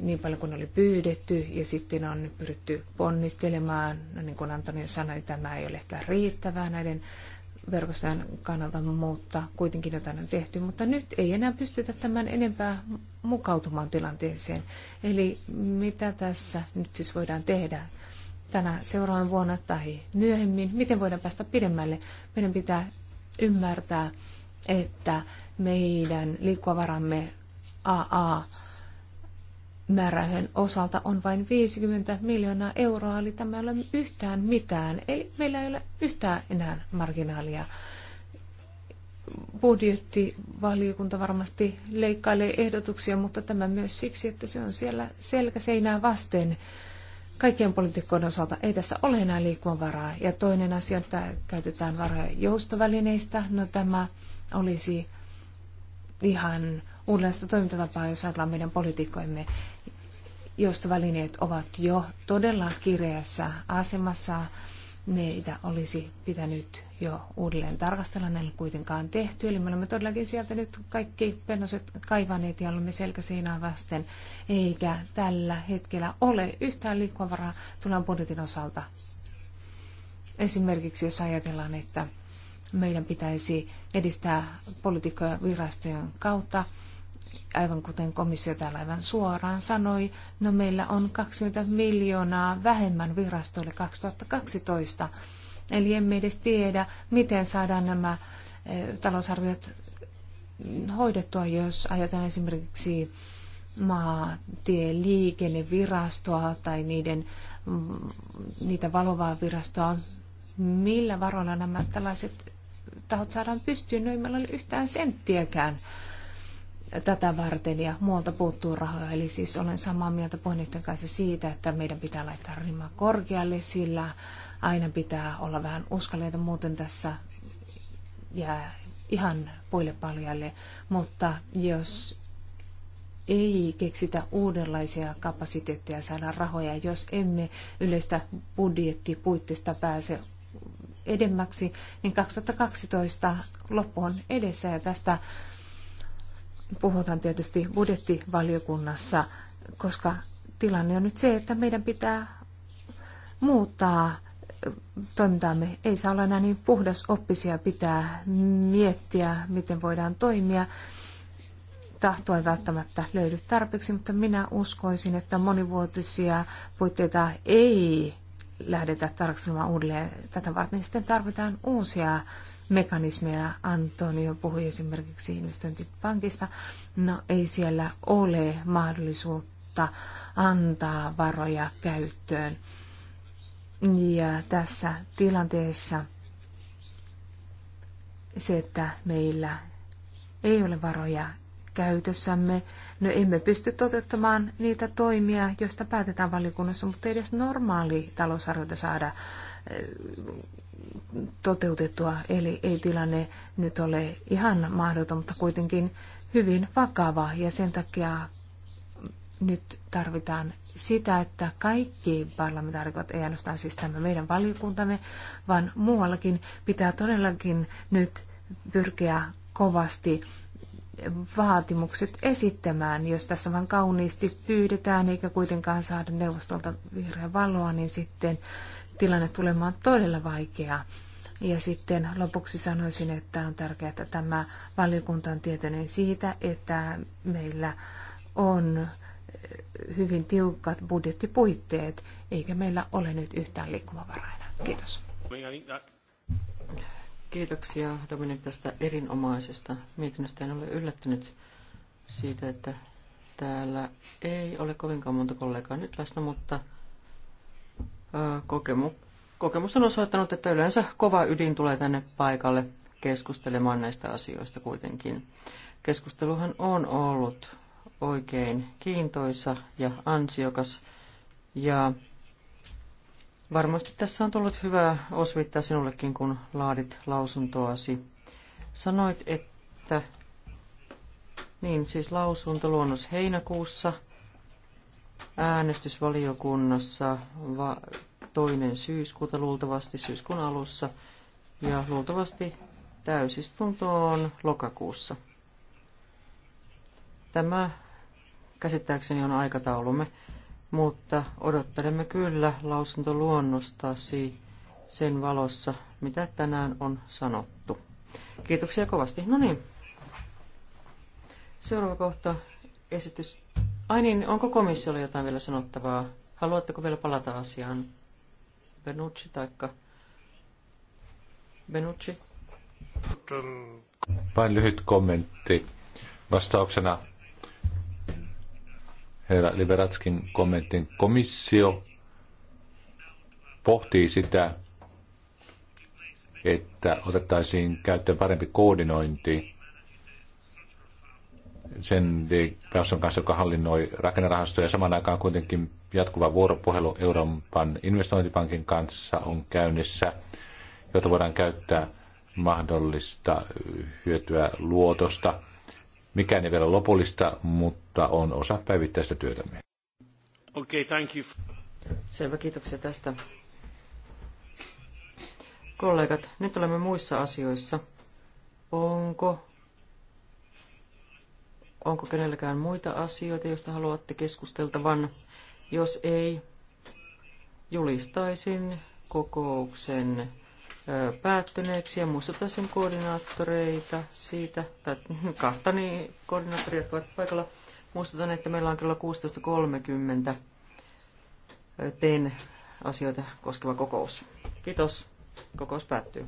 niin paljon kuin oli pyydetty ja sitten on pyritty ponnistelemaan, no niin kuin Antoni sanoi, tämä ei ole ehkä riittävää näiden verkostojen kannalta, mutta kuitenkin jotain on tehty. Mutta nyt ei enää pystytä tämän enempää mukautumaan tilanteeseen. Eli mitä tässä nyt siis voidaan tehdä tänä seuraavan vuonna tai myöhemmin? Miten voidaan päästä pidemmälle? Meidän pitää ymmärtää, että meidän liikkuvaramme AA määrärahojen osalta on vain 50 miljoonaa euroa, eli tämä ei ole yhtään mitään. Eli meillä ei ole yhtään enää marginaalia. Budjettivaliokunta varmasti leikkailee ehdotuksia, mutta tämä myös siksi, että se on siellä selkäseinää vasten kaikkien poliitikkojen osalta ei tässä ole enää liikkumavaraa. Ja toinen asia, että käytetään varoja joustovälineistä, no tämä olisi ihan uudenlaista toimintatapaa, jos ajatellaan meidän poliitikkoimme joustovälineet ovat jo todella kireässä asemassa. Neitä olisi pitänyt jo uudelleen tarkastella, näin kuitenkaan tehty. Eli me olemme todellakin sieltä nyt kaikki pennoset kaivaneet ja olemme selkäseinää vasten, eikä tällä hetkellä ole yhtään liikkuvaraa tulan budjetin osalta. Esimerkiksi jos ajatellaan, että meidän pitäisi edistää poliitikkojen virastojen kautta aivan kuten komissio täällä aivan suoraan sanoi, no meillä on 20 miljoonaa vähemmän virastoille 2012. Eli emme edes tiedä, miten saadaan nämä eh, talousarviot hoidettua, jos ajatellaan esimerkiksi maatieliikennevirastoa tai niiden, niitä valovaa virastoa, millä varoilla nämä tällaiset tahot saadaan pystyyn, no ei meillä ole yhtään senttiäkään tätä varten ja muualta puuttuu rahoja. Eli siis olen samaa mieltä puheenjohtajan kanssa siitä, että meidän pitää laittaa rima korkealle, sillä aina pitää olla vähän uskalleita, muuten tässä ja ihan puille paljalle. Mutta jos ei keksitä uudenlaisia kapasiteetteja saada rahoja, jos emme yleistä budjettipuitteista pääse edemmäksi, niin 2012 loppu on edessä ja tästä puhutaan tietysti budjettivaliokunnassa, koska tilanne on nyt se, että meidän pitää muuttaa toimintaamme. Ei saa olla enää niin puhdas oppisia, pitää miettiä, miten voidaan toimia. Tahto ei välttämättä löydy tarpeeksi, mutta minä uskoisin, että monivuotisia puitteita ei lähdetä tarkastelemaan uudelleen. Tätä varten sitten tarvitaan uusia mekanismeja. Antonio puhui esimerkiksi investointipankista. No ei siellä ole mahdollisuutta antaa varoja käyttöön. Ja tässä tilanteessa se, että meillä ei ole varoja käytössämme. No emme pysty toteuttamaan niitä toimia, joista päätetään valiokunnassa, mutta ei edes normaali talousarvioita saada toteutettua, eli ei tilanne nyt ole ihan mahdoton, mutta kuitenkin hyvin vakava ja sen takia nyt tarvitaan sitä, että kaikki parlamentaarikot, ei ainoastaan siis tämä meidän valiokuntamme, vaan muuallakin pitää todellakin nyt pyrkiä kovasti vaatimukset esittämään. Jos tässä vaan kauniisti pyydetään eikä kuitenkaan saada neuvostolta vihreä valoa, niin sitten tilanne tulemaan todella vaikea. Ja sitten lopuksi sanoisin, että on tärkeää, että tämä valiokunta on tietoinen siitä, että meillä on hyvin tiukat budjettipuitteet, eikä meillä ole nyt yhtään liikkumavaraa Kiitos. Kiitoksia Dominik tästä erinomaisesta mietinnöstä. En ole yllättynyt siitä, että täällä ei ole kovinkaan monta kollegaa nyt läsnä, mutta kokemu, kokemus on osoittanut, että yleensä kova ydin tulee tänne paikalle keskustelemaan näistä asioista kuitenkin. Keskusteluhan on ollut oikein kiintoisa ja ansiokas ja varmasti tässä on tullut hyvä osvittaa sinullekin, kun laadit lausuntoasi. Sanoit, että niin siis lausunto luonnos heinäkuussa – äänestysvaliokunnassa toinen syyskuuta luultavasti syyskuun alussa ja luultavasti täysistuntoon lokakuussa. Tämä käsittääkseni on aikataulumme, mutta odottelemme kyllä lausuntoluonnosta sen valossa, mitä tänään on sanottu. Kiitoksia kovasti. No niin. Seuraava kohta esitys Ai niin, onko komissiolla jotain vielä sanottavaa? Haluatteko vielä palata asiaan? Benucci taikka... Benucci? Vain lyhyt kommentti vastauksena herra Liberatskin kommentin. Komissio pohtii sitä, että otettaisiin käyttöön parempi koordinointi sen Brasson kanssa, joka hallinnoi rakennerahastoja. saman aikaan kuitenkin jatkuva vuoropuhelu Euroopan investointipankin kanssa on käynnissä, jota voidaan käyttää mahdollista hyötyä luotosta. Mikään ei vielä ole lopullista, mutta on osa päivittäistä työtämme. Okei, okay, thank you. Selvä, kiitoksia tästä. Kollegat, nyt olemme muissa asioissa. Onko Onko kenelläkään muita asioita, joista haluatte keskusteltavan? Jos ei, julistaisin kokouksen päättyneeksi ja muistuttaisin koordinaattoreita siitä, tai kahta niin koordinaattoria, jotka ovat paikalla. Muistutan, että meillä on kello 16.30 teen asioita koskeva kokous. Kiitos. Kokous päättyy.